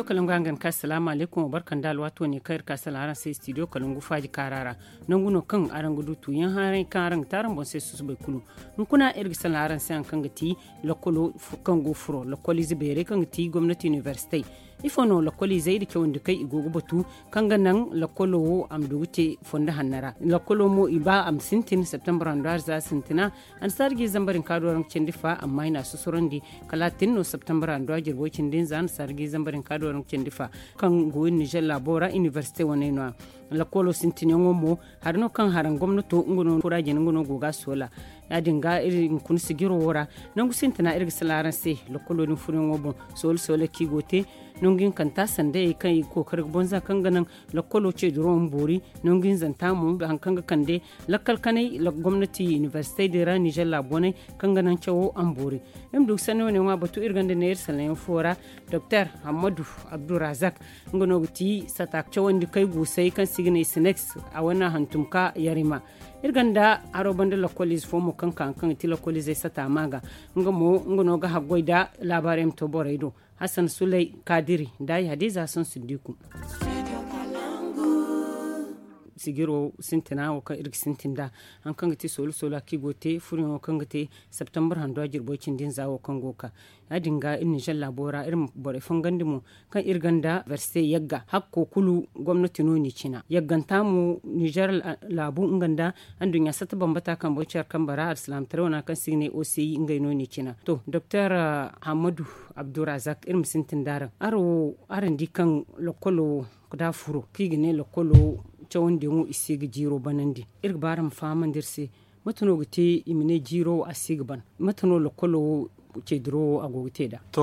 studio kalangu an ganka salamu alaikum barkan da alwato ne kayar ka salara sai studio kalungu faji karara nan guno kan aran gudu tu yan haran kan aran taran bon sai su bai kulu in kuna irgi salaran sai an kan gati lokolo kan go lokoli zibere kan gwamnati university ifono lakoli zaidi ke wanda kai igogo batu kan nan lakolo wo am dogute fonda hannara Lakolo mo iba am sintin september andar za sintina an sargi zambarin kadoran cendifa amma ina susurandi kala no september andar jirbo cindin zan sargi zambarin kadoran cendifa kan goyin nijar labora university sintin lakkolo mo har no kan haran gwamnato ngono kuraje ngono goga sola yadin dinga irin kun sigiro wora nan gusintina irin salaran sai lakolo din furin wobon sol sole kigote nongin kanta sanda ya kan iko bonza kan ganin la kolo ce duron bori nongin zanta mu ga kan ga kande la kanai la gwamnati university de ra niger la bonai kan ganan cewo an bori im duk sanu ne ma batu irgan da nayar salayen fora dr hamadu abdurazak ngano ti satak cewon da kai gusai kan signe sinex a wannan hantumka yarima irgan da la kolis fo mo kan kan kan ti la e sata maga ngamo ngano ga hagoida labarem to boraido Hassan Sulai Kadiri, Dai Hadiza Sun Sindiku. sigiro sintina o kan irgi sintinda han kan gati solu gote furin o kan gati september handuwa jirbo za kan goka dinga in nijar labora irin bore fangandi mu kan irganda verse yagga hakko kulu gwamnati no ni cina yagganta mu nijar labu inganda an dunya sata bambata kan bocciyar kan bara islam tarwana kan signe oci ingai no ni cina to dr ah, hamadu abdurazak irin sintin darin aro arin di kan lokolo da furo kigine lokolo cawon dengo isi ga jiro banandi irga baram famandirse matano ga te imine jiro a sigi ban matano lokolo ke duro a gogite da to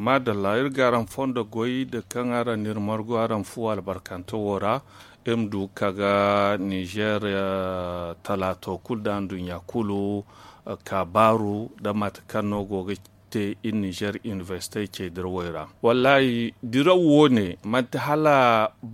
madalla irga garan fondo goyi da kan ara nirmargo aran fu albarkanto wara imdu kaga niger eh, talato kuldan dunya kulu eh, kabaru da matakan nogo te i niger université ke dirwoira wallahi dirawo ne mata hala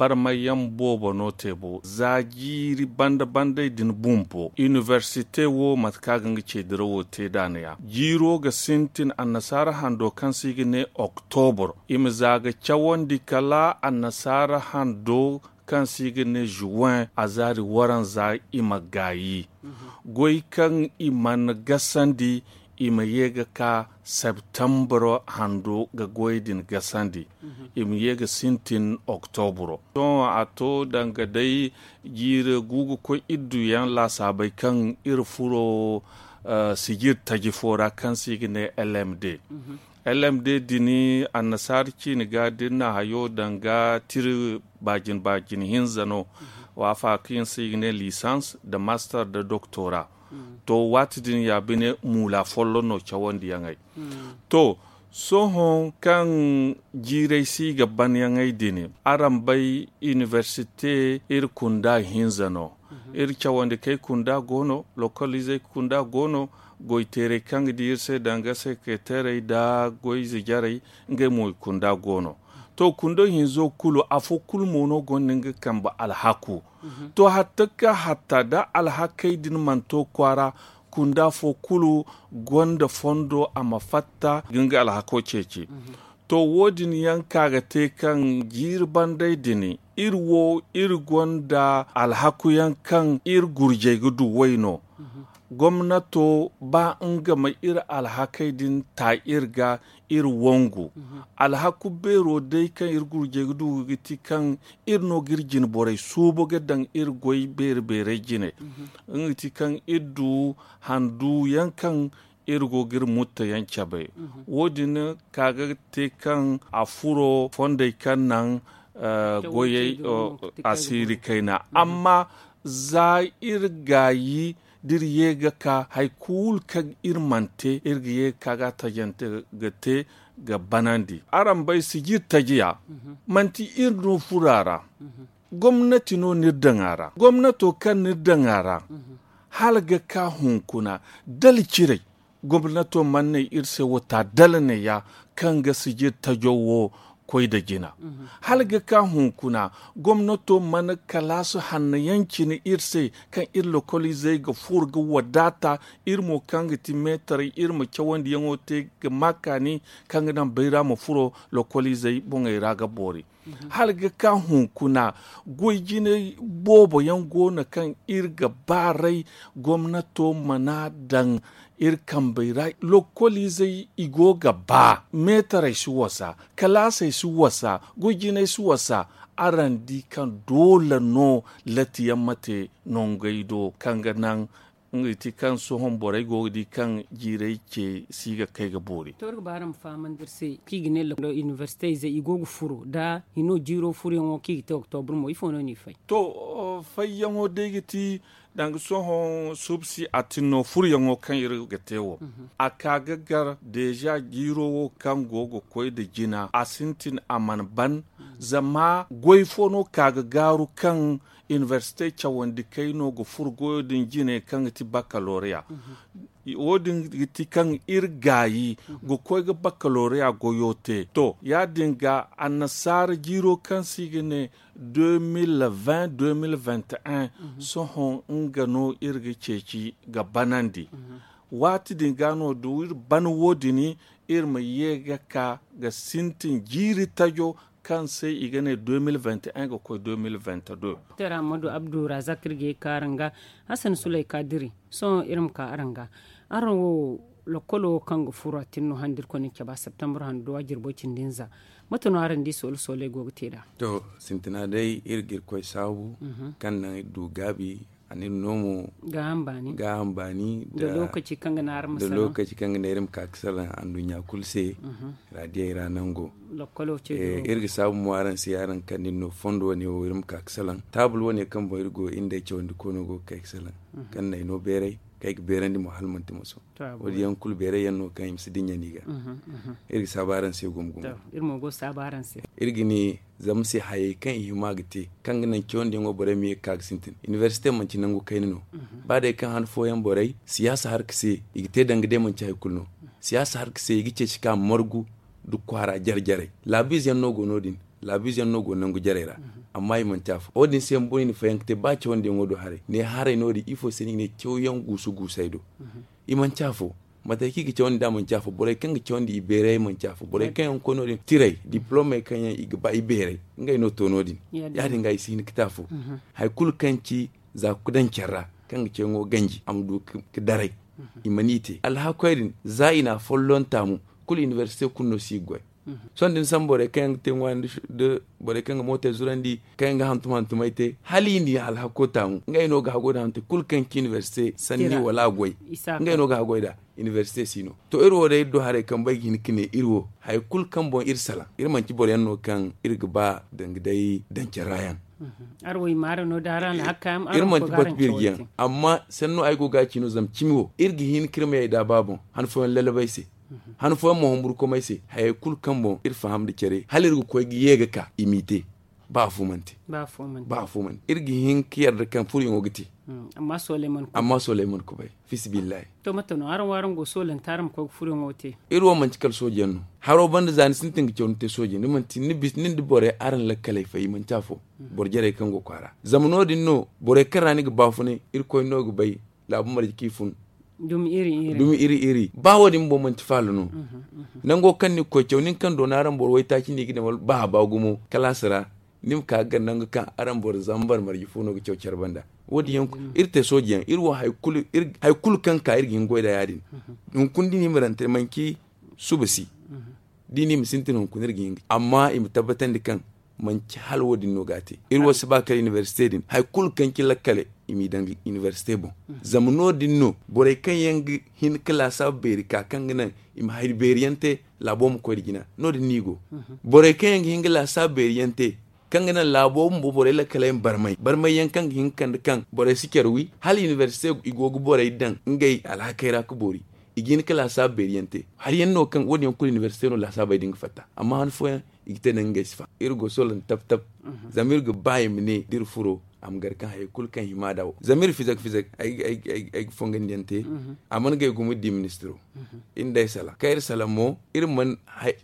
barmayan bobo no tebo zagiri banda banda din bumbo université wo matka gangi ke dirawo te daniya jiro ga sintin annasara hando kan sigi ne october im zaga cawon dikala annasara hando kan sigi ne juin a zari waran za ima gayi mhm. goyi kan iman gasandi ima yega ka september handu ga goydin ga sandi mm -hmm. ima yega sintin oktobro don a to danga dai gugu ko iddu yan la sabai kan irfuro uh, eh, sigir tagifora kan sigine lmd lmd dini annasarki ni ga dinna hayo danga tiri bajin bajin hinzano wa -hmm. kin sigine lisans da master da doctora to din ya ne mula follo no cawondi yangai to sohon kan jirai si gaban yangai dini aran bai universite ir kunda hinzano ir cawandi kai kunda gono lokalize kunda gono goi tere kan dir se danga se da goi zigarai nge kunda gono to kundo hinzo kulu afo kulu mono kan kamba alhaku to hatta da alhakai din manto kwara kunda fo kulu gonda fondo ama fatta ginga alhako cece to wodin yanka ga te kan girban dai dini irwo gonda alhaku yankan ir gurje gudu waino gwamnato ba in gama ir alhakai din ta irga ir wongu alhaku bero dai kan ir gurje du giti kan ir no girjin borai subo gadan ir goy ber jine kan iddu handu yankan irgo gir mutta yanca bai wodin kaga te kan a furo fondai kan nan eh, goye asiri kaina amma za irgayi dir yega ka kul kag irmante irga ye kaga tajante gete ga banandi aran bai sigi tagiya manti irno furara gwamnati no nirdangara gomnato kan nirdangara halga ka hunkuna dal cire gwamnato manne irse wata dalne ya kan ga sigi tajowo da jina mm -hmm. halga ka hunkuna gwamnato mana kala su hannu na irse kan ir zai ga furga wadata ir mo kanga ti metar ir mo kyawan yango te ga makani kanga nan bayra mo furo bunga bonga ga bori mm -hmm. halga ka hunkuna goyjine bobo yan gona kan irga barai gwamnato mana dan ir kambaira lokoli zai igo gaba metara su wasa kalasa su wasa gugina su wasa aran di kan dole no latiyan mate non gaido kan nan ti kan sohon borai go di kan jirai ke siga kai ga bore to ga baram faman dirse ki gine lo university ze igo furo da hino jiro furo won ki to october mo ifo no ni fai to fai yango de ti so sohon subsi atino yango kan iri gatewo a kagagar deja girowo kan gogo koi da gina asintin aman ban zama goifono garu kan university chawandi kaino go furgoyo din jine kan ti baccalaureate wodin giti kan irgayi go koiga ga baccalauréat a goyote to ya dinga a nasara jiro kan sigine 2020-2021 sohon ngano irga ceci ga banandi mhm. wati din gano da ban wodini irma yega ka ga sintin jiri tajo kan sai igane 2021 ga koi 2022 tera madu abdu razakirge karanga hassan sulai kadiri son irin ka aranga aran wo lokolo kango fura tinno handir konin keba september han do wajir bo cindinza matano aran di sol sole gogo teda to sintina dai irgir koy sabu mhm. kan na du gabi ani nomo ga hambani da lokaci kanga na arma da lokaci kanga na irim kaksala andu nya kulse mhm. radiya ira nango lokolo ce eh irgi sabu mu aran si aran kan no fondo ne o irim kaksalan tabul woni kan bo irgo inda ce wanda kono go kaksalan mhm. kan na ino berei kai ki beren di mahal manti muso wadi yan kul bere yan no kan imsi dinya niga mhm, mhm. irgi sabaran se gum gum ir go sabaran se irgi ni zam se haye kan yi te. kan gina kyon di ngo bore mi kag sintin university nan nangu kai no mhm. ba da kan han fo yan bore siyasa har kise igite dangde manti hay no siyasa har kise igi ce shika morgu du kwara jare labis yan no go nodin labis yan no go nangu jarera mm -hmm. amma mun o din sen boni ni yankte ba ce wanda ngodo hare ne hare no di ifo seni ne kyoyan gusu i iman tafi mata ki ki chawon da mun tafi bore kan ki chawon di ibere mun tafi bore kan ko kono di tirai diploma kan yan igba ibere ngai no tono din ya dinga isi ki tafi mhm. hay kul ci za dan kyarra kan ki ngo ganji amdu ki darai mhm. imanite alhakwairin za ina follon tamu kul university kunno sigwai son din san bore kan tin wan de bore kan mota zurandi kan ga tuman hantum ite hali ni al hakota mu ngai no ga hagoda te kul kan ki san sanni wala goy ngai no ga hagoda universite sino to irwo de do hare kan bai gin kine irwo hay kul kan bon irsala man ci bore mm-hmm. no kan irgba dangdai dan kirayan arwoy mara no dara na man ci irma bat birgiyan amma sanno ay go ga no zam ir gi hin kirmay da babu han fo lele bayse hanu fo mo koma ko mai kul kambo ir faham de halir ko gi yega ka imite ba fumante ba fumante ba fumante irgi hin kiyar da kan furi ngogiti hmm, amma soleman ko amma soleman ko bai fisbillahi to matano aran waran go solen taram ko te ngote wa man cikal sojen no haro banda zani sun tinga ce wonte ni man ni bis nin di bore aran la kalai fa man tafo hmm. bor jare kan go kwara zamno din no bore karani ga bafune irko no go la labu marji kifun dum iri iri dum iri iri ba wadin bo man tifalu no mhm, mhm. nan go kan ni ko cew nin kan do naran bor wai taki ni gidan ba ba gumo kala sira nim ka ga nan kan aran bor zambar marji funo go cew banda wodi mhm. yan irte sojiyan irwo haykul ir kul kan ka irgin goida yadin dun kundi ni marante manki subasi dini misintin kunir gin amma im tabbatan kan manci halwo dinno gate irwo ba kala university din kul kan kila kale imi dangi université bon zam no no bore kan yang hin klasa beri ka kan gina im hayr la bom ko digina no de nigo bore kan yang hin klasa beriyante kan gina bom bo bore la kala barmay barmay yang kan hin kan kan bore sikerwi hal université igogo bore dan ngai kaira ko bori igin kala sa beriyante har yan no kan wani ko université no la sa bai dinga fata amma han fo igite nan gaisfa irgo solon tap tap mhm. zamir go bayi mine dir furo am gar kan hay kul kan hima daw zamir fizak fizak ay ay ay ay fongen yante mhm. aman gay gumu di ministro mhm. inday sala kayir sala mo ir man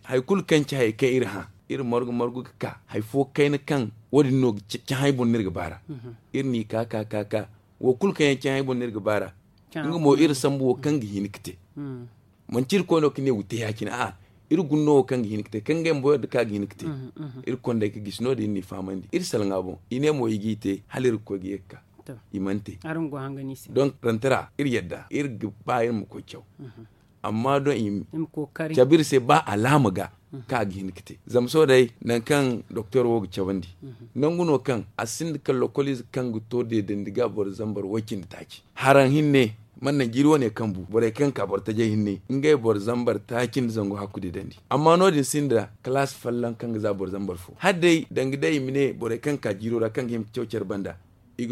hay kul kan ci hay kayir ha ir margu margu ka hay fo kayna kan wodi no ci hay bon nirga bara mhm. ir ni ka ka ka ka wo kul kan ci hay bon nirga bara ngumo ir sambu kan gi hinikte man cir no kine wuti yakina a ir gunno kan ginikte kan gen boyo da ka ginikte mm-hmm, mm-hmm. ir konde ke gisno da ni famandi ir salngabo ine mo yigite halir ko giyeka imante arun go hanga ni don rantara ir yadda ir gba ir mu ko kyau mm-hmm. amma don im jabir se ba alama ga ka gini kite zamso dai nan kan doctor wog chawandi nan guno kan asin kan lokolis kan guto de dendiga bor zambar wakin taki haran hinne mannan giro ne bu bore kan kabar ta ne. hinne gai bar zambar takin zango da dandi amma nodin sinda class fallan kan za bar zambar fo dangi dai mine bore kan ka giro da kan him cewcer banda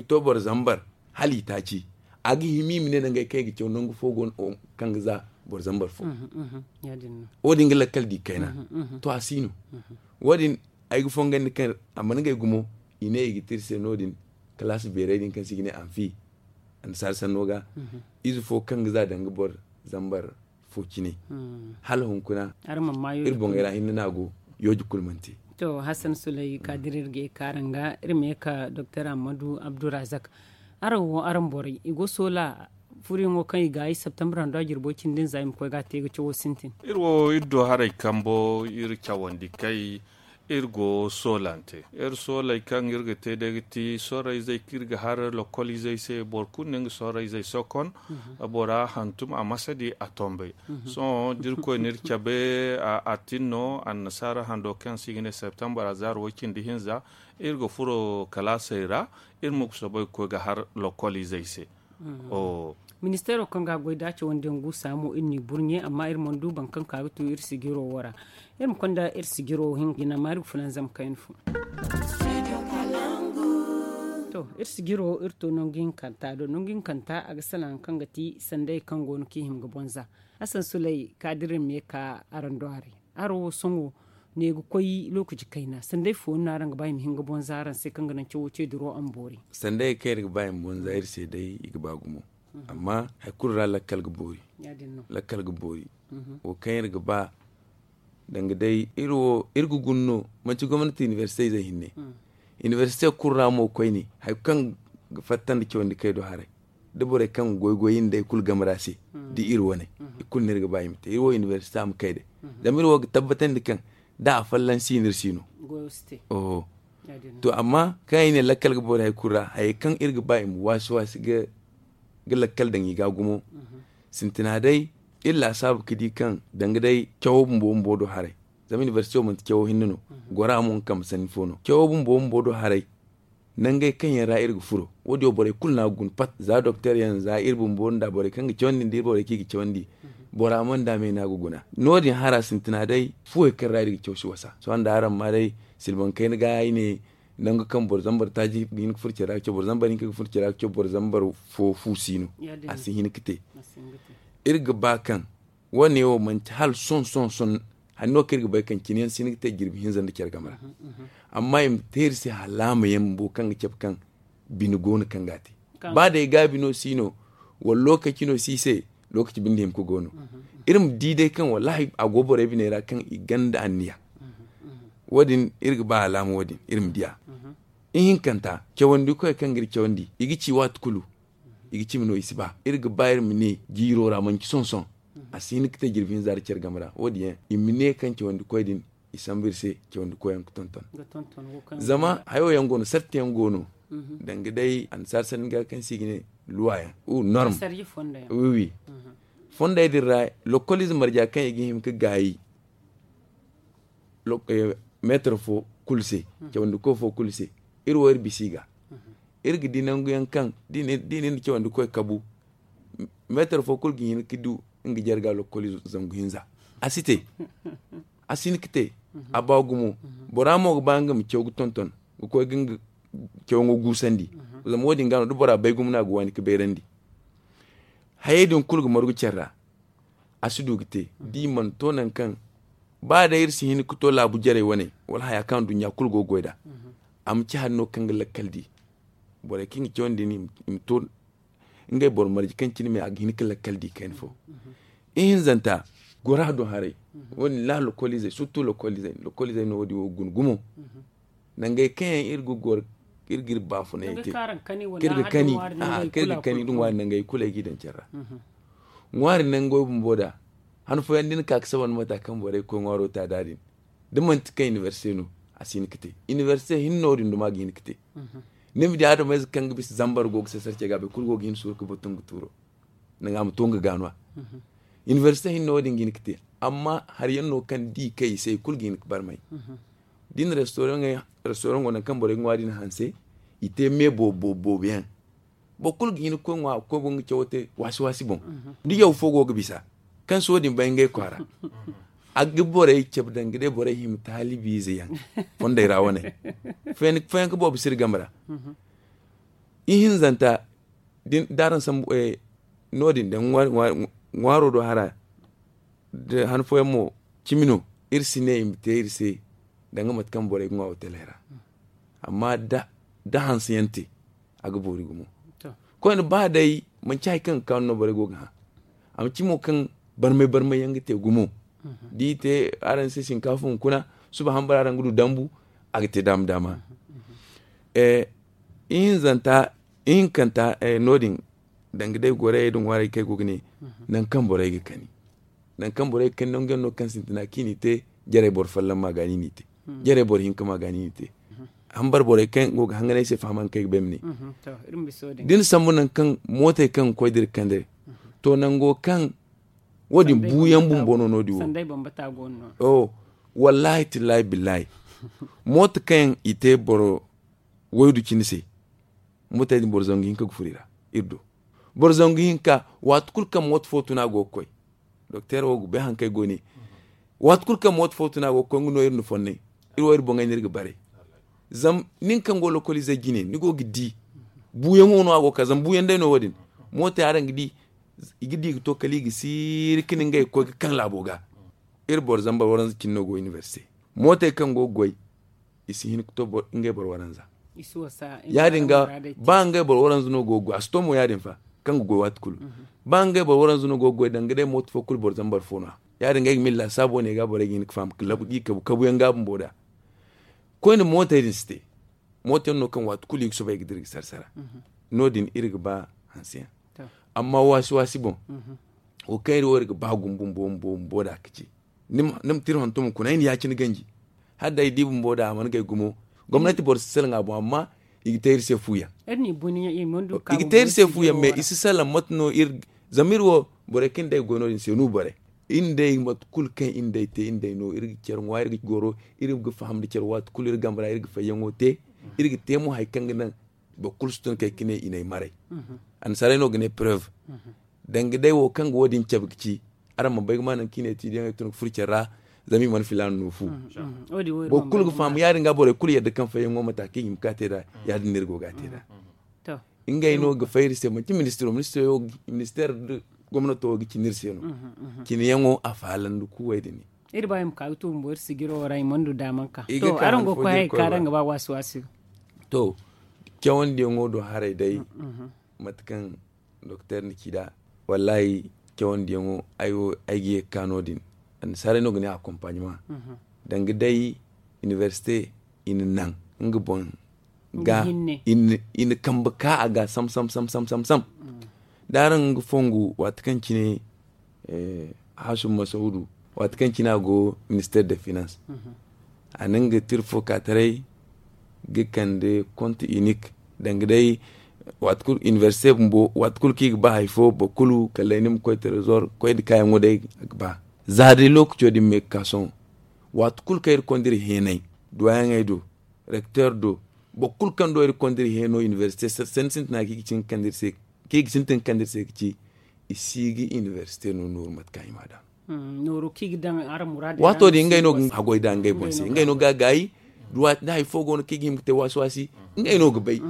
to bar zambar hali ta ci a gi himi mine gai kai gicho nan fogon kan za bar zambar fo mhm, mhm, odin gala kaldi kaina mhm, to asinu wadin ay fongan kan amma gai gumo ine igitirse nodin class bere din kan sigine amfi sarsa noga mhm. izu fo kan za danga bor zambar fo kine hmm. kuna hunkuna irbon ira hinna nago yoji kulmanti to hassan sulai hmm. kadirir ge karanga irme ka dr amadu abdurazak aran arambori aran igo sola furi ngo kan iga yi september ando jirbo kindin zaim ko ga tege ciwo sintin irwo iddo harai kambo ir kyawandi kai irgo solante er solai kan irga te degti sora zai kirga har lokoli zai se bor kuning sora zai sokon mhm. bora hantum a masadi a tombe mhm. so dirko nir kabe a atino an nasara hando kan sigine september azar wakin dihinza irgo furo kala saira irmo kusobai ko ga har lokoli se mhm. o ministero kan ga goida ce wanda ngu inni burnye amma irmon duban kan karutu irsigiro wara irin kwanda ir sigiro hingina mari funan zam kayin fu to ir sigiro ir to nongin kanta do nongin kanta a ga salan kan gati sandai kan gonu ki him bonza asan sulai kadirin me ka arando are aro songo ne ga koyi lokaci kaina sandai fo na ranga bayin hin ga bonza ran sai kan ganan ciwo ce duro an bore sandai kai ga bayin bonza ir sai dai igba gumo mhm. amma hakurra lakkal ga bori lakkal ga bori mhm. o kan ga ba danga dai iro irgu gunno manci gwamnati university zai hinne hmm. university kurra mu koy ne hay kan fattan da kiwon da kai do hare dubure kan goygoyin da gamara gamarasi hmm. di iro wane ikul hmm. nirga bayi mita wo university am kai da da mirwa tabbatan da kan da fallan sinir sino oh to amma kai ne lakal ga bore kurra hay kan irga bayi mu wasu wasu ga ga dan dangi ga gumo sintina dai illa sabu kidi kan dangadai kyawo bumbo bumbo do hare zamin university mun kyawo hinnuno mhm. gora mun kam san fono kyawo bumbo bumbo do hare nangai kan yara irgu gufuro wodi bore kulna gun pat za docteur yan za irbu bon da bore kan chondi dir bore ki chondi mhm. bora mun da me na guguna nodi hara sintina dai fuwe kan ra irgu kyoshi wasa so anda aran ma dai silban kai ga ne nan ga kan borzambar ta ji yin furce ra ke borzambar yin furce ra ke zambar fo fusino asihin hin kite irga bakan wane yo manti hal son son son ka kirga bakan yan sini ta girbi hin zan da kyar gamara mhm, mhm. amma yin tayar si halama yam bu kan kyaf kan bini gona kan gati ba da ga bino sino wa lokaci no sise lokaci bin da ko gono irin di dai kan wallahi a gobe rabi ne ra kan iganda anniya wadin irga ba halama wadin irin diya mhm, in hin hinkanta kewandi ko kan gir kewandi igici ci wat kulu igi ci mino isi ba irga bayar mine giro raman ki son son mhm. asini kita girfin zar cer gamra wodiye imine kan ci wandi koydin isambir se ci wanda koyan tonton zama hayo yan gono sarti yan gono mhm. danga dai an sar san ga kan sigine luwaya u norm oui oui fonda mhm. dirra localisme marja kan igi him ka gayi eh, metro fo kulse ci wanda ko fo kulse irwo ir bisiga irgi dinan guyan kan dinin dinin ke wanda kabu metar fokul kul gin kidu ngi jarga lo koli zangu hinza asite asin kite abagumu boramo bangam cewgu tonton ko ging cewngo gusandi zam wodi ngano du bora begum na go wani kiberandi hayedin kulgu margu cerra asidu gite di man tonan kan ba da irsi hin kuto labu jare wane wala haya kan dunya kulgo goida am ci hanno kan kaldi bore kini jonde ni mton ngai bor marji kan chini me agini kala kaldi kan fo in zanta gora do hare wani la localize surtout localize localize no wodi wogun gumo nangai kan irgu gor kirgir bafu na yake kirgir kani a kirgir kani dun wani ah, nan gai kula gidan cerra mhm. ngwari nan goyi boda han fo yandin ka kasa mata kan bore ko ngwaro ta dadin dun man tika university no asin kite university hin norin duma gin kite mhm. nim di hado mes kang bis zambar gog se serce gabe kul gog hin sur ko turo nanga mu tonga ganwa mhm. university hin no dingin kite amma har no kan di kai sai kul gin bar mai mhm. din restaurant ngai restaurant ngona kan bore ngwadi na hanse ite me bo bo bo bien bo kul gin ko ngwa ko bon chote wasi wasi bon ndi mhm. yow fogo bisa kan so din bangai kwara agi borey cebdan de borey him tali bizi yan fonda ira wane fen fen ko bob sir gamra mhm. ihin zanta din daran sam e nodin den ngwaro do hara de han foye mo chimino ne im te irsi danga mat kan borey ngwa hotelera mhm. amma da da hansi yanti agi bori gumo ko en ba dai man chai kan kan no borey go ga am chimo kan barme barme yangi te gumo di aran se sinkafun kuna suba hambara aran gudu dambu agite dam dama eh in zanta in kanta eh, nodin dai gore dun ware kai gugni nan kan borai ga kani nan kan borai kan nan gano kan sintina kini te jare bor fallan magani ni te jare bor hin kuma gani ni te an bar borai kan go hangane se faman kai bemni din sambu nan kan mota kan koidir kan de to nan go kan wodi buyan bun bono no di wo ban bata gonno oh wallahi lai billahi mota kan ite boro woydu kinise mota din boro zongi hinka gufurira irdo boro zongi hinka wat kul kam wat fotuna go koy docteur wogu be hankay goni mm-hmm. wat kul kam wat fotuna go koy ngono irno fonne irwo ir bonga nirga bare zam ninka ngolo kolize gine nigo gidi buyan wono ago kazam mm-hmm. buyan dai no wadin mota yaran e gidi digi to kali siri kini ngai ko kan laboga ir bor zamba waran kinno go university mota kan go goy isi hin to bor ngai bor waran za ya dinga ba nge bor waran zuno go go mo ya fa kan go wat kul mhm. ba nge bor waran zuno go go dan gade mota fo kul bor na ya dinga ngai milla sabo ne ga bor gin kla bu gi bu kabu yanga boda ko ni mota mhm. din ste mota no kan wat kul yik so bay gidir no nodin irga ba hansiyan amma wasu wasu bon mhm. o kairi wori ga bagum bum bum bum boda kici nim nim tir hon tum kunai ni yakin ganji hadda idi bum boda man ga gumo gwamnati bor sel nga bon amma igiter se fuya erni buni e mondu ka igiter se fuya me isi sala matno ir zamir wo bore kin dai gono ni se nu bore inde mot kul kan inde te inde no ir cer ngwa ir goro ir gu faham de cer wat kul ir gambra ir ga te ir ga temu hay kan bokul kulsutun kai kine ina mare mhm. an sare no gine preuve mhm. dangi dai wo kan wodin cebkici bai ma nan kine ti dan tun ra zami man filan no fu mhm, kul gu fam yari nga bore kul de kan fayen ngoma ta kin da ya din nirgo ga da to ingay no ga fayri se ti ministro ministro yo minister de gwamnati gi gici nirse no kine yango afalan du kuwai dini iri bayan ka utu mbor sigiro rai mondu damanka to arango kwai e karanga ba wasu wasu to kyawun da ya ngodo harai dai mm, mm-hmm. matakan doktor nikida wallahi kyawun da ngo ayo aigiye kano din an sare no gani accompagnement mm-hmm. dangi dai université in nan ngi bon ga in in kamba a aga sam sam sam sam sam sam mm. daran ngi fongu watakan kine eh hashim masaudu watakan kina go minister de finance mm-hmm. anan ga tirfo katarai gikande konti unique dangdai watkul université mbo watkul kig ba hay fo bokulu kalainim koy trésor koy de kayam wode ba zade lok jodi me kason watkul kay kondiri henay doyan ay do recteur do kul kan do kondiri heno université sen sent na kig cin kandir se kig sintin kandir se ci isigi université no nur mat kaymada hmm, nuru kig dan ar murade wato de ngay no hagoy dan ngay bonse ngay no gagayi ruwa na hay fogo no kigim te waswasi ngai no gbai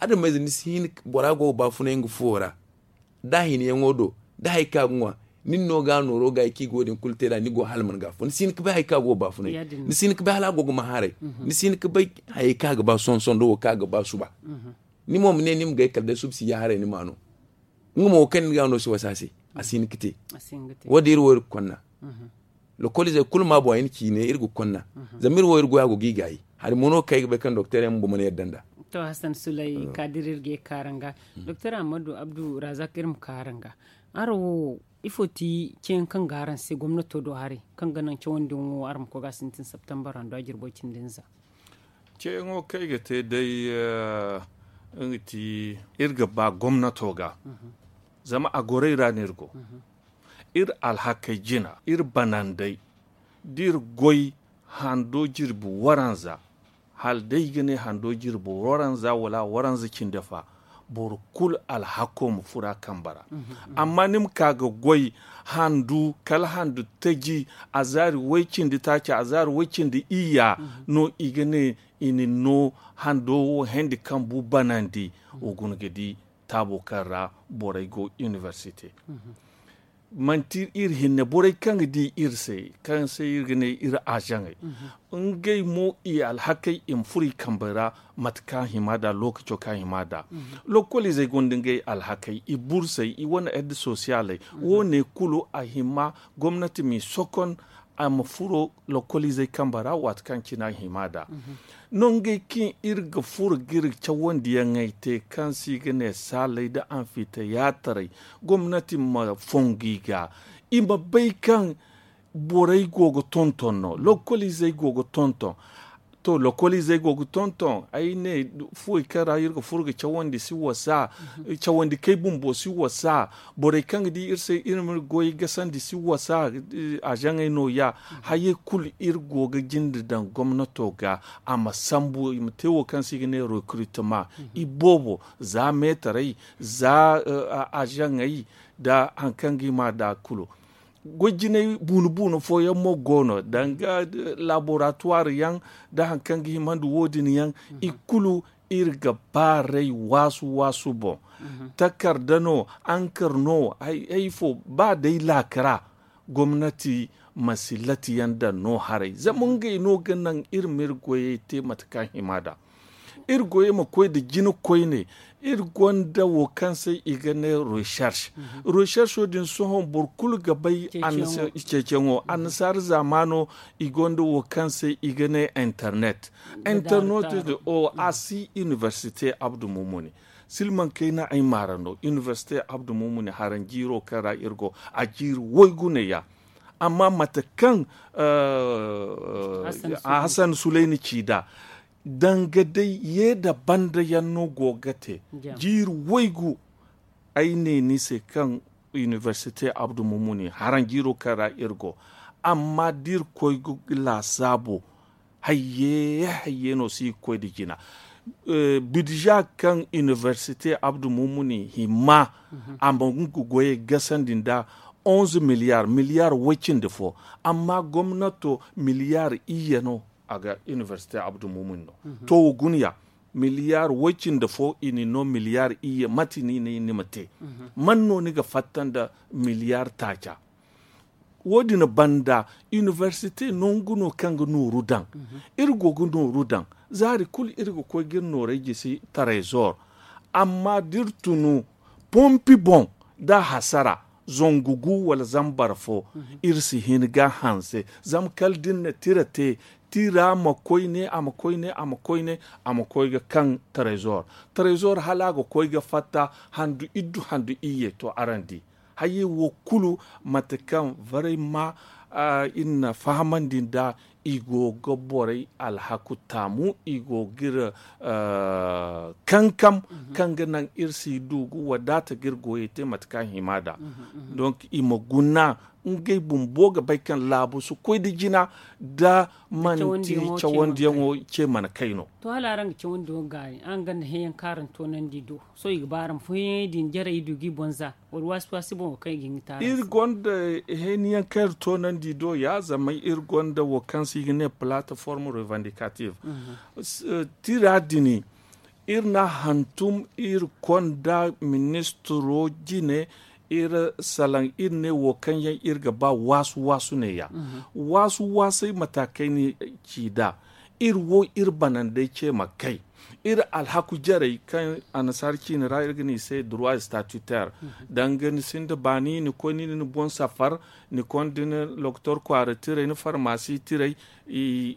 adam mai ni sin bora go ba funa ngi fora da hin ngodo da hay ka ngwa nin no ga no roga ki godin kulte da ni go halman ga fun sin ka bay ka go ba funa ni sin ka la go ma hare ni sin ka bay hay ka ga ba son son do ka ga ba suba ni mom ne nim ga kal kalda subsi ya hare ni mano mo ken ga no shi wasasi asin kite wadir wor konna lokoli zai kulma bo yin kine irgu konna zamir wo irgu ya go gigayi har muno kai be kan docteur en bumune yaddanda to hasan sulai mm. kadirir ge karanga mm. docteur amadu abdu razak irim karanga aro ifo ti ken kan garan se gwamnato do hari kan ganan ce wanda mu aram ko gasin tin september an da girbo kin dinza ce ngo kai ga te dai eh, in ti irga ba gwamnato ga mhm. zama a gore go mhm. ir alhakai jina ir banandai dir goi hando jirbu waranza hal gane hando jir bororan wala waran zikin dafa burkul alhakom fura kambara mhm. amma nim kaga gwai handu kal handu taji azari wakin da taki azari wakin da iya mhm. no igane ini no hando hendi kambu banandi mhm. ogun gidi tabo kara boraigo university mantir ir hinne borai kan di ir sai kan sai ir gne ir ajan ai in gai mo i alhakai in furi kambara matka himada lok choka himada mhm. lokoli zai gondin al alhakai i bursai i wona ed sociale wo mhm. kulu a hima gwamnati mi sokon ama furo lokolize kambara wata kan kina himada non ga kin irga furo gir chawan diya ngaite kan ne salai da an fita ya tare gwamnati ma fungiga ima bai kan borai gogo tonton no lokolize gogo tonton to lokoli zai gogu tonton ai ne foi kara yirga furga da si wasa mhm. chawandi kai bumbo si wasa bore kang di irse irmir goyi gasan di si wasa eh, a jangai e no ya mhm. haye kul ir goga jindi dan gwamnato ga ama sambu imtewo kan si ne recruitment mhm. ibobo za metarai za eh, a jangai da hankangi ma da kulo gwajine bunu-bunu fo ya mogono danga eh, laboratoire yan da hankangi mandu wodin yan mhm. ikulu irga bare wasu wasu bo mm -hmm. takardano ankar no haifo ba dai lakara gwamnati masilati yanda no harai zamun ga no ganan irmir goye te matakan himada irgoye ma koi da jini koi ne ir gwanda wo iga na recherche mhm. recherche din sohon burkul gabai ansa an ansar mhm. zamano igonda wo iga na internet internet de o asi université abdu mumuni silman kai na ai marano université abdu mumuni haran jiro kara irgo a jiro woigune ya amma matakan uh, hassan sulaini cida dangade ye da banda yanno gogate yeah. jiru waigu aine nise kan university abdu mumuni haran jiro kara irgo amma dir koigu la sabo hayye hayye no si koidi jina eh, bidja kan university abdu mumuni hima mhm. amma ngu goye gasandin da 11 miliyar miliyar wacin da fo amma gwamnato miliyar iyano a ga université abdu mumino mhm. to gunya miliyar wakin da fo ini no miliyar iya matini ne ni mate mhm. manno ni ga fatan da miliyar taka wodi na banda université nonguno kanga nuru mhm. dan irgo gu nuru zari kul irgo ko no nore si trésor amma dirtunu pompi bon da hasara zongugu wala zambarfo irsi hinga hanse zam kaldin na tirate tira koi ne a koi ne a koi ne a koi ga kan trésor trésor hala ga koi ga fatta handu iddu handu iye to arandi haye wo kulu matakan vraiment uh, inna fahamandin da igo bore alhaku tamu igo gira uh, kankam mm -hmm. kanga nan irsi dugu wadata matakan himada mm -hmm, ima guna ngai bumbo ga bai kan labu su koi da jina da manti cawon da yango ce mana kaino to ala ran ke wanda ga an gan heyan karan to nan dido so i baran fu yi din jara idu gi bonza war wasu wasu bon kai gin ta ir gonda heyan kar to nan dido ya zama ir gonda wo kan si ne platform revendicative mhm. eh, tiradini ir na hantum ir gonda ministro jine ir salan ir ne wo kan yan irga ba wasu wasu ne ya wasu wasai matakai ne ki da ir wo ir banan da ke ma kai ir alhaku jarai kan anasar kin ra'ir gani sai droit statutaire mhm. dan gani sun da bani ni ko ni ni bon safar ni kon din docteur kwara tire ni pharmacie tire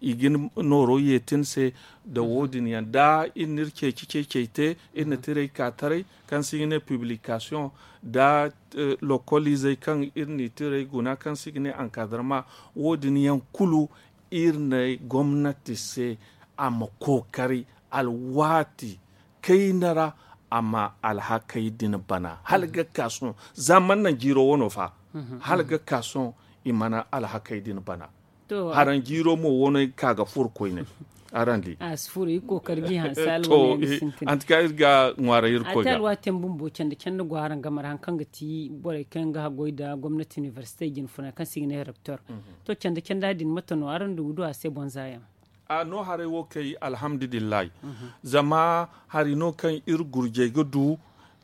i gin noro yetin se da mhm. wodin ya da in nirke kike kete in mhm. tire ka tare kan signe publication da e, localize kan irni tire guna kan signe encadrement wodin yan kulu irne gwamnati se a makokari alwati kainara amma alhakai din bana halga kason zaman nan jiro wono fa halga kason imana alhakai din bana haran jiro mo wono kaga furko ne arandi asfuru iko kargi han salwo ne kai ga ngwara yir ko ga atalwa tembum bo chande chande gwaran gamar han ga ti bore kanga goida gwamnati university gin funa kan signe rector mhm. to chande chande din matano arandu wudu ase bonzayam a no hari wo kai alhamdulillah zama hari no kan ir gurje gudu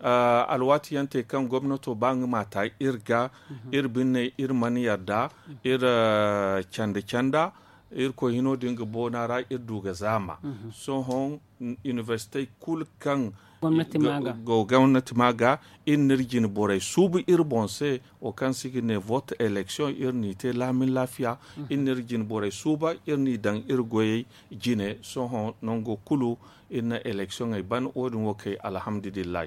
uh, alwati yante kan gwamnato bang mata irga mm -hmm. ir binne ir mani yarda ir uh, canda canda irko hino dinga bona ra irdu ga zama mhm. so hon university kul kan gwamnati maga go gwamnati maga in nirgin bore subu ir bonse o kan sigi ne vote election ir ni te lamin lafiya mhm. in nirgin bore suba ir ni dan ir goye jine so hon go kulu in na election ai ban odun wo kai alhamdulillah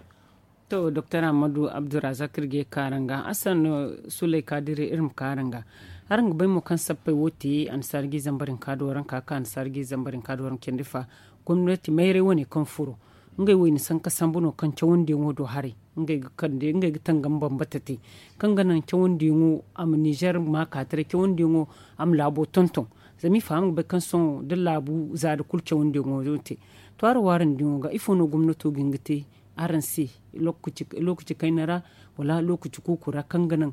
to dr amadu abdurazakir ge karanga asan uh, sulai kadiri irm karanga mm -hmm. aran gubai mu kan sabbai wote an sargi zambarin kadoran kaka an sargi zambarin kadoran kendifa gwamnati mai rewa ne kan furo ngai wani san ka san buno kan cewon da yango do hare ngai kan de ngai tan gamban batati kan ganan cewon da yango am Niger ma ka tare cewon da yango am labo tonton zami fahimu be kan son de labu za da kulce wanda yango zote to ar waran dingo ga ifono gwamnati gingite aran si lokaci lokaci kainara wala lokaci kukura kan ganan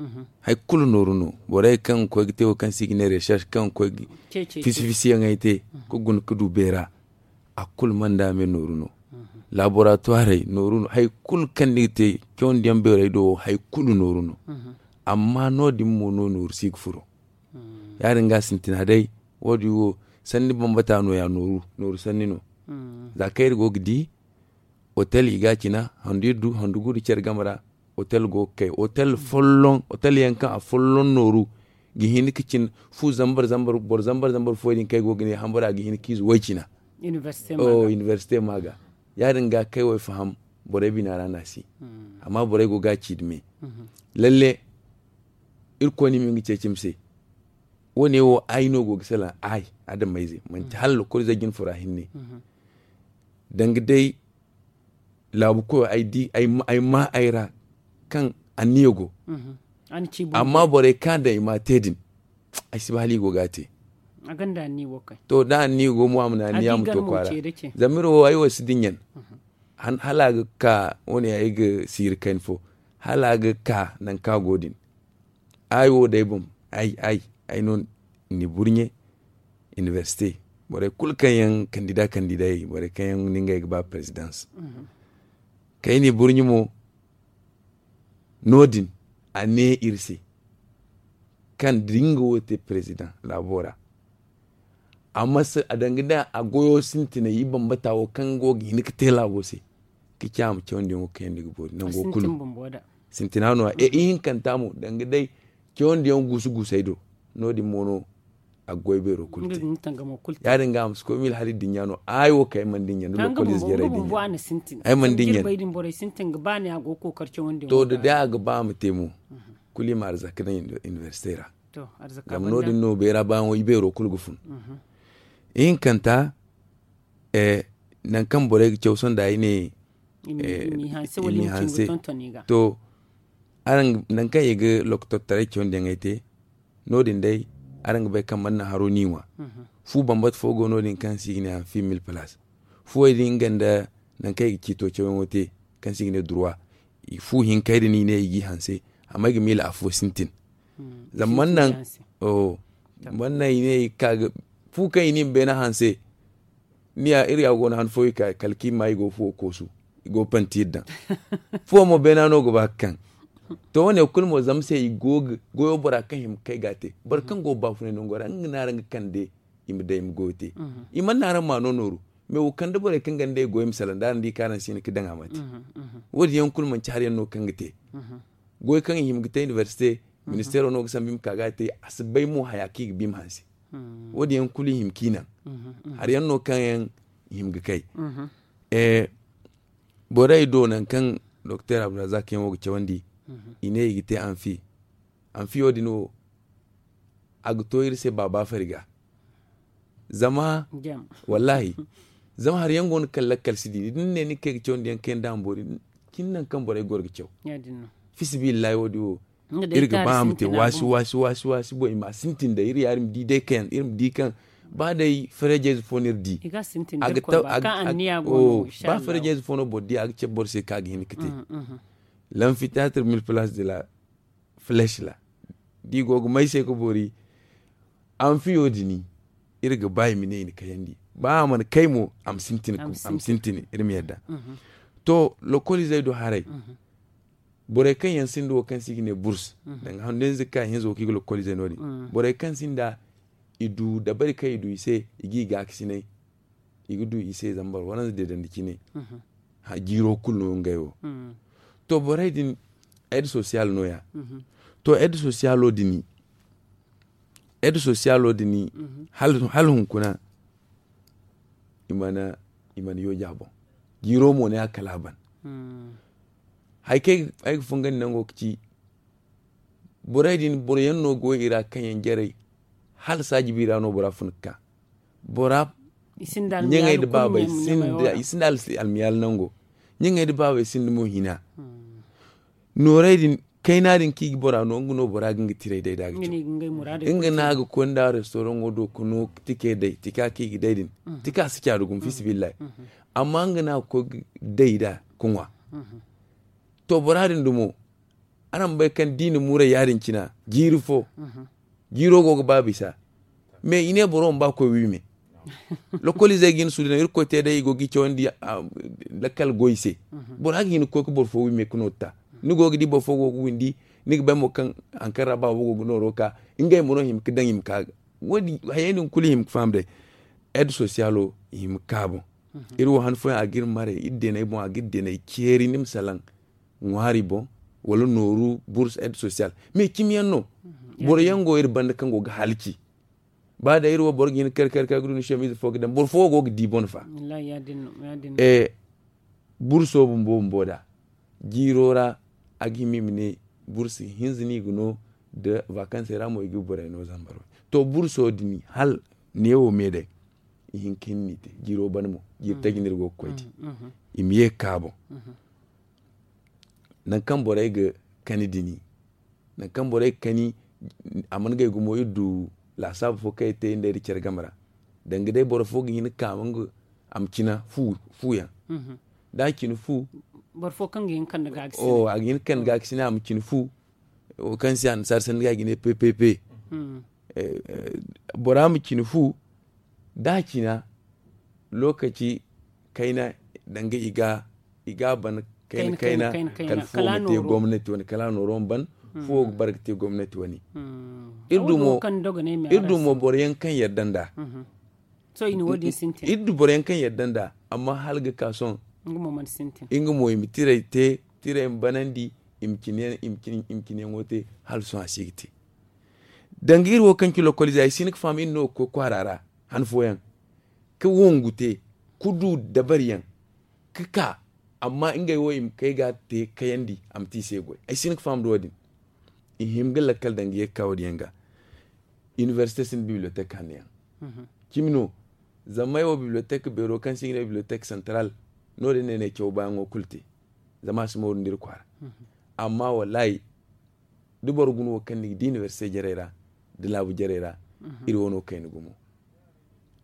Mm-hmm. hay kulu noruno boray kan ko gite ko kan signe recherche kan ko fisi fisi yang ite mm-hmm. ko gun du bera akul manda me noruno mm-hmm. laboratoire noruno hay kul kan nite kyon diam bera do hay kulu noruno amma no di dimmo no nor sigfuro yarin ga sintina dai wodi wo sanni bambata no ya nuru nuru sanni no zakair gidi hotel igakina handi du handu gudu gamara hotel go kai hotel follon hotel yanka a follon noru gi hin kicin fu zambar zambar bor zambar zambar fo din kai go gine hambara gi hin kizu wajina oh, university maga oh university maga ya ga kai wai faham bore bi na rana si hmm. amma bore go ga ci me mhm. lalle irko ni min ce se woni wo no go gisala ai adam maize man ta hmm. hallo ko zagin furahin ne mhm. dai labu ko ai di ai ma ai ra kan aniyogo mhm. amma bore kan da ima tedin aisi bali go gate aganda ni kai to da ni mu amna ni am to kwara zamiro wayo wasu dinyan han mhm. halaga ka wani ya ga sir kan fo halaga ka nan ka godin ayo dai bum ai ai ai non ni burnye university bore kul kan yan candidate candidate bore kan yan ninga ba presidency mhm. kai ni burnye mo nodin a ne irse kan dinga wote president labora amma su a dangida a goyo sun tina yi bambata wa kan gogi ni ka tela gose ki kya mu kyon dingo kayan diga bori nan go kulu sintinano e yin mm-hmm. kan tamu dangidai kyon dingo gusu gusaido nodin mono a goybe ro kulte yarin ga amsko mil hari dinyano ayo kay man dinyan lo kolis gere dinyan ay man dinyan to da da ga ba mu temu kuli mar zakadan ra to arzaka gam nodin no bera ba wo ibe ro kulgufun in kanta eh nan kan bore cew son da ne eh hanse to aran nan kan yega lokto tare ke on den aite nodin dai aran bai kan manna haro niwa mhm. fu bambat fo gono din kan signe an fi mil place fu din ganda nan kai ki to cewen wote kan signe droit fu hin kai ni ne yi hanse amma ga mil afu sintin zaman nan o wannan ne ka fu kai ni be na hanse ni a iri agona han fo ka kalki mai go fu ko su go pantidan fu mo be na no go bakkan to wane mo zam sai gog goyo bora kan him kai gate bar kan go ba fune non gora ngina ranga kan de im da mhm. im gote iman naran ma no noru me wo kan da bore kan gan go goyim salan da di karan sin ki danga mati mhm, mhm. wodi yan kulmo char yan no kan gite goy kan him gite university minister no san bim kaga te asbai mu hayaki bim hansi wodi yan kuli him kinan har yan no kan yan him kai eh borai do nan kan dr abdulrazak yan wogo wandi Mm-hmm. ine an fi anfi yodin wo aga toyir se baba fariga zama wallahi zama har yango ni kalla di din ne ni ke chon diyan ken dan bori nan kan bore gorga chew fisibillahi wodi wo irga te wasi wasi wasi wasu bo ima da iri yarim di de ken irim di kan ba dai jesu fonir di aga ta aga ba oh, ferejesu fono bo di aga che borse ka hin kite mm -hmm. l'amphithéâtre multiplace de la flèche là digo mai sai ka bori an fiyo dini irga bai mine ni kayandi ba man kai mu am sintini kum am sintini irmi yadda to lokoli zai do harai mhm. bore kan yan sindu o kan sigine bourse mhm. dan den zaka yan zo kigo lokoli zai nodi mhm. bore kan sinda idu da bari kai idu ise igi ga kisine igudu ise zambar wannan da dandiki ne ha giro kullu ngayo to borai din ed social no ya mm -hmm. to ed social odini ed social odini mm -hmm. hal hal hun kuna imana imana yo jabo giro mo ne akalaban mm. hay ke ay fungan nango ci borai din yan no go ira kan yan jere hal sajibira no bora funka bora ñeŋey de baba isinda almiyal nango ñeŋey de baba sin mo hina mm. noraydin kaynaɗin kigi bora no nguno bora ginga tiray day daga inga naga konda restaurant o do kuno tike day tika kigi daydin tika sikya dugum fisibillahi amma nga na ko dayda kunwa mhm. to borarin dumo aran bai kan dini mura yarin kina jiri fo jiro mhm. gogo babisa me ine boron ba ko wime lokoli zai gin su yir ko te dai gogi chondi ah, lakal goise mhm. boragin ko ko bor fo wime ta. ni go gidi bofo go windi ni ba mo kan ankara ba go go noro ka inga mo no him kidan him ka wodi hayenin kuli him famde ed socialo him kabo mhm. iru han fo agir mare idde na ibon agir de na kieri nim salan ngwari bo wala noru bourse ed social me kimiyan no mhm. bor yango ir bande kango ga halki ba da irwo bor gin ker ker ker ni chemise fo gidan bor fo go di bon fa wallahi ya din ya din e eh, bourse bo mbo mboda jirora agi mimine bursi hinzini guno de vakansa ramo igi bora no zambaro to burso dini hal newo mede ihin kinnite jiro banmo jir mm. taginir go koyti mm, mm-hmm. imiye kabo mm-hmm. nan kan bora ga kani dini nan kan bora kani aman ga gumo yudu la sabu fo kay te nder cer gamara dangade bora fo gi hin kamang am kina fu fuya mm-hmm. da kinu fu bor fo kan gin kan daga aksi o oh, agin kan oh. ga aksi na mkin fu o kan si an sar san ga gine ppp hmm. eh, eh, bora mkin fu da kina lokaci kaina danga iga iga ban kaina kaina kalfo mate gwamnati wani kala noron ban hmm. fo barkati gwamnati wani irdumo irdumo boryen kan yardan da hmm. so ina wodi sintin irdu yan kan yardan da amma halga kason inga mo imi tira te tira im banandi im kinen im kinen im kinen wote hal so asigiti dangir wo kilo localize ay sinik fam no ko kwarara han foyan ke wongute kudu dabariyan kika amma inga wo im kai ga te kayandi am ti sego ay sinik fam do din in himga lakal dangi yanga université sin bibliothèque kaniya yan. -hmm. kimino zamai wo bibliothèque bureau kan sin bibliothèque centrale no ne nene kyau bayan o zama su mawurin dir kwara mhm. amma wallahi dubar gunu kan ni di university jarera de labu jarera mhm. iri wono ni gumo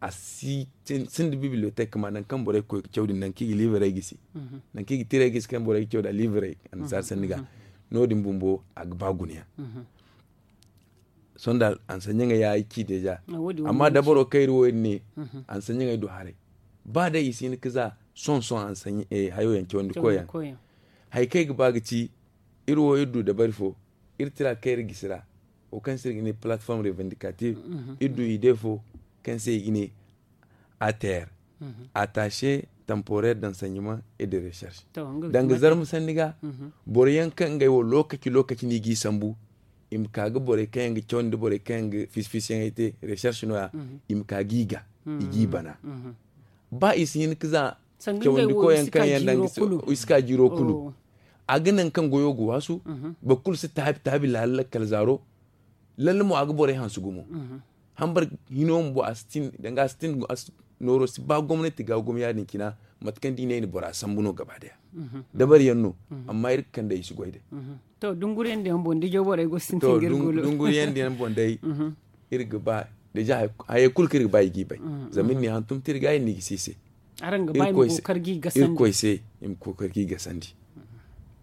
a si sin di bibliothèque ma nan kan bore ko kyau din nan k'i livre gisi mhm. nan k'i tire gisi kan bore kyau da livre an sar sandiga no din bumbo agba guniya sonda an sanya ya yi ki deja amma dabaro kai ruwa ne an sanya do hare ba da yi sini kiza son son an sanyi e hayo yanke wanda koya hay kai gaba gici irwo yiddu da barfo irtira kai gisira o kan sir gine plateforme revendicative mhm. iddu idefo kan sai gine a terre mhm. attaché temporaire d'enseignement et de recherche danga zarmu sandiga mhm. bore yankan ngai wo lokaci lokaci ni gi sambu im kaga bore kayanga chondi bore kayanga fisfis yanga ite recherche noya im kagiga igi bana ba isin kiza kewan ko yan kan yan iska jiro kulu oh. aginan kan goyo go wasu mhm. ba kul su tabi tabi lalla kalzaro lalle mu aga bore han su mhm. han hambar hino mu a stin danga stin noro si ba gwamnati ga ya yadin kina matkan dine ni bora san buno gaba daya mhm. dabar yanno amma ir kan dai yi su goide to dunguri yanda yan bondi jo bore go sin tingir to dunguri yanda yan bondi ir gaba da ja haye kulkir gaba yi gibai zamin ni han tum tirga ni gisise aran eh, kokar gi ga eh, sandi im kokar gi ga sandi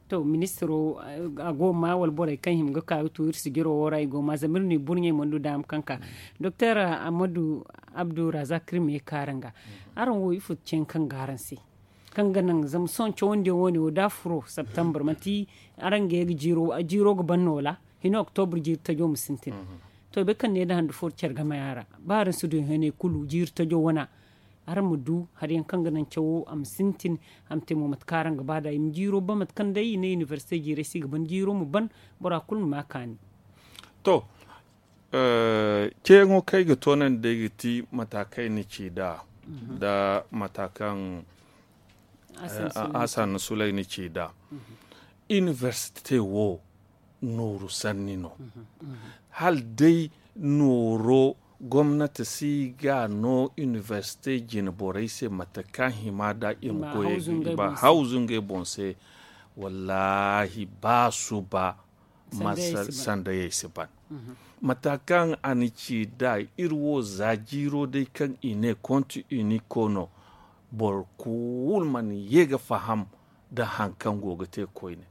to ministro eh, a goma wal bore kan him ga ka to irsi giro wora goma zamir ni burnye mondu dam kanka docteur amadu abdu razak me karanga aran wo ifut cen kan garan si kan ganan zam son cho wonde woni o da furo september mati aran ga jiro a jiro ga bannola hino october ta jo musintin mhm. to be kan ne da handu for cerga mayara barin su do hene kulu jirta jo wana mu mudu har yankan kan ganan cewo am sintin am mu matkaran gaba da im giro ba matkan dai ne university gire si gaban jiro mu ban bora kul makani to eh, ke ngo kai ga tonan da giti matakai ne ce da da matakan asan sulai ne ce da mhm. university wo nuru sannino. Mhm, mhm. hal dai noro gwamnati si ga no university jin borai sai matakan hima da im goye ba hauzun ga bonse wallahi ba su ba masar sanda ya isi ban mhm. matakan matakan anici da irwo zajiro dai kan ine kontu inikono bor kulman yega faham da hankan goga te koi ne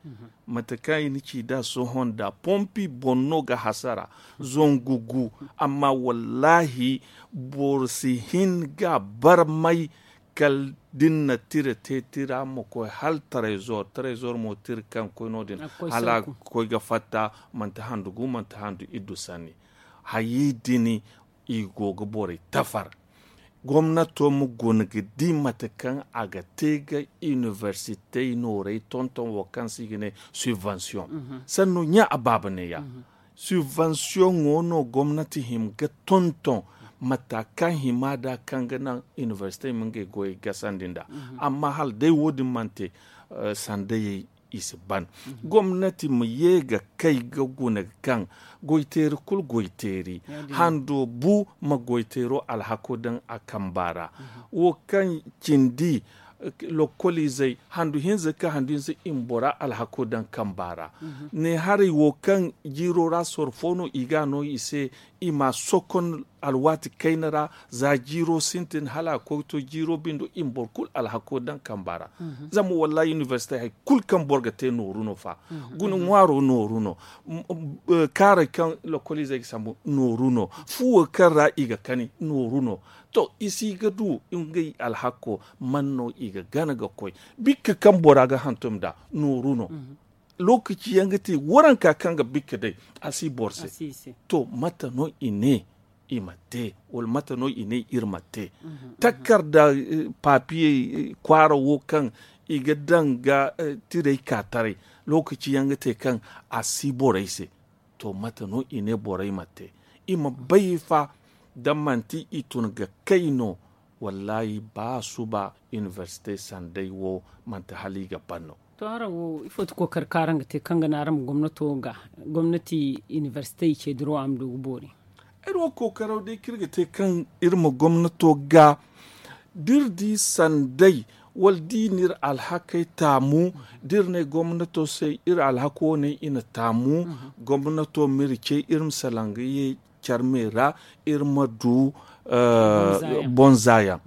-hmm. yi niki da so honda pompi bonno ga hasara zon gugu amma wallahi borsi hin ga bar mai kal dinna tira te tira mo ko hal trésor trésor mo tir kan ko nodin ala ko ga fatta manta handu gu manta handu iddu sani hayidini i goga bore tafar gwamnatomu gongidi matakan aga tega universite norai tonton wakansi gine subvention mm -hmm. sannu nya ababa ne ya mm -hmm. subvention wono gwamnati him ga tonton matakan hima da kan ganan universite mun ga goyi gasandin da mm -hmm. amma hal dai wodin mante uh, isiban gwamnati mu yega kai ga guna kan goiteri kul goiteri hando bu ma goiteru alhako a akan bara kan cindi lokoli zai handu hinza ka hando hinza in bora alhako kan bara mhm. ne hari wo kan jiro rasor fono igano ise ima sokon alwati kainara za jiro sintin hala ko to jiro bindo in borkul alhako dan kambara mm -hmm. zamu wallahi university hay kul kan borga te no runo fa mm -hmm. gunu waro no runo kare kan lokoli zai samu no runo fuwa kan ra iga kani no runo to isi ga du in gai alhako manno iga gana ga koi bikka kan boraga hantum da no runo mm -hmm. lokaci ga te waran kakan ga bika dai si borse to mata no ine imate wal mata no ine irmate takar mhm, da mhm, mhm. takarda eh, eh, kwara wo kan iga danga uh, katare lokaci te kan a si borese to mata no ine borai mate ima bai fa manti itun ga kaino wallahi ba su ba university sandai wo manta hali ga banno to arawo ifot ko ga tekan ga naram gwamnato ga gwamnati universite ke duro am do bori irwo kokarau dai kirga tekan irma gwamnato ga dirdi sandai wal dinir alhakai tamu ne gwamnato sai ir alhako ne ina tamu mhm. gwamnato mirke irin ya kyarmera irma du eh, bonzaya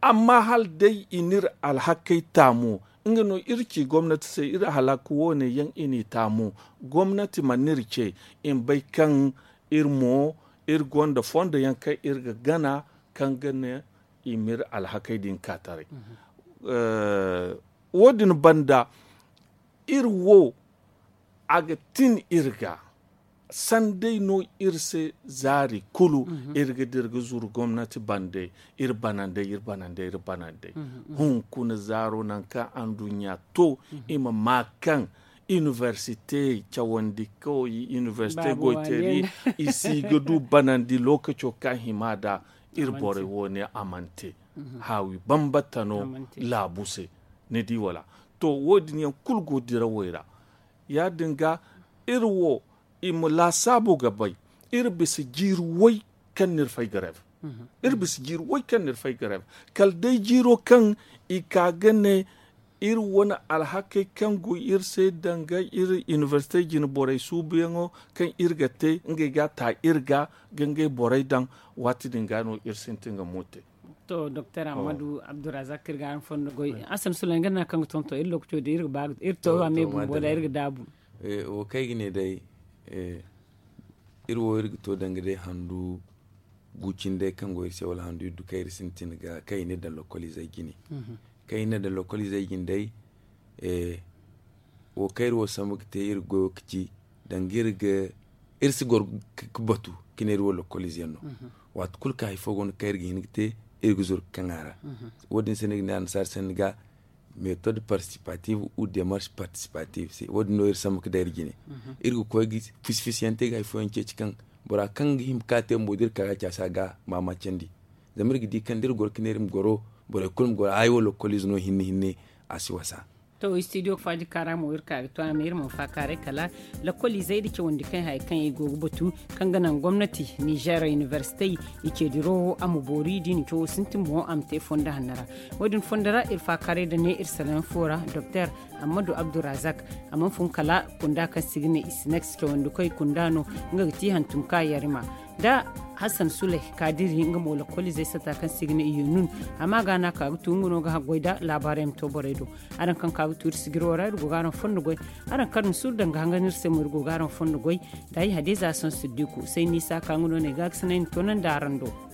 amma hal dai inir alhakai tamu inga no irki gwamnati sai iri halaku wone yan ini tamu gwamnati ce in bai kan irmo irgon da fonda yan kai irga gana kan gane imir alhakai din katare mm -hmm. uh, wodin banda irwo agatin irga sandai no irse zari kulu mm -hmm. irga dirga zuru gwamnati bande ir banande ir banande ir banande mm -hmm. hun kuna zaro nan ka an duniya to mm -hmm. ima makan université cawandi kawai université goiteri isiga du banandi lokaco kan himada ir bore wone amante mhm. hawi bambatano labuse ne di wala to wodiniyan kulgo dira woyra ya dinga irwo imula sabo gabai ir bisi jirwai kan nirfai garev ir bisi jirwai kan nirfai garev kal dai jiro kan ikagane ir wani alhake kan gu ir sai danga ir university jin borai su biyango kan ir te nge ga ta ga gange borai dan wati dingano ir sintinga mote to docteur amadou oh. abdourazak kirgan an fondo goy asan sulen ganna kan tonto ir lokto de ir bag ir to ame bu boda ir dabu e o kai gine dai iri wo iri ir to dai handu gucinde kango ir sai wala handu iri kayir sintin ga ne da zai gini mhm. ne. da lokali da gini dai eh wo kayir wo ta ir go kici ga iri si gor kbatu iri wo localize yanno mm -hmm. wat kulka hay fogon kayir ginigte ir guzur kangara mm -hmm. wodin senegal ansar ga. méthode participative ou démarche participative c'est wodi no irsam ka dair gine mhm. irgo ko gi fisfisiyante ga fo ci cikan bora kan him ka te modir ka ga sa ga mama cendi zamir gi di kan dir gor kinerim goro bora kulm gor ay wolo kolizno hinne hinne asi wasa to studio fadi kara mu irka to amir mo fa kare kala la koli zaidi ke wanda kai hay kan ego butu kan ganan gwamnati Niger University ike diro amu bori din ke sun timo am te fonda hanara wadin fondara ir fa kare da ne ir fora dr Amadu Abdurazak amma fun kala kunda kan signe next ke wanda kai kundano ngati hantum ka yarima da hassan suleh kadiri hinga mola koli zai sata kan sigina iyo nun amma ga na ka gutu nguno ga da labarai to boredo aran kan ka gutu sigiro wara rugo gano fonno goy aran kan sur danga hanga nir se gano garan fonno da yi hadiza son siddiku sai nisa ka nguno ne ga da tonan darando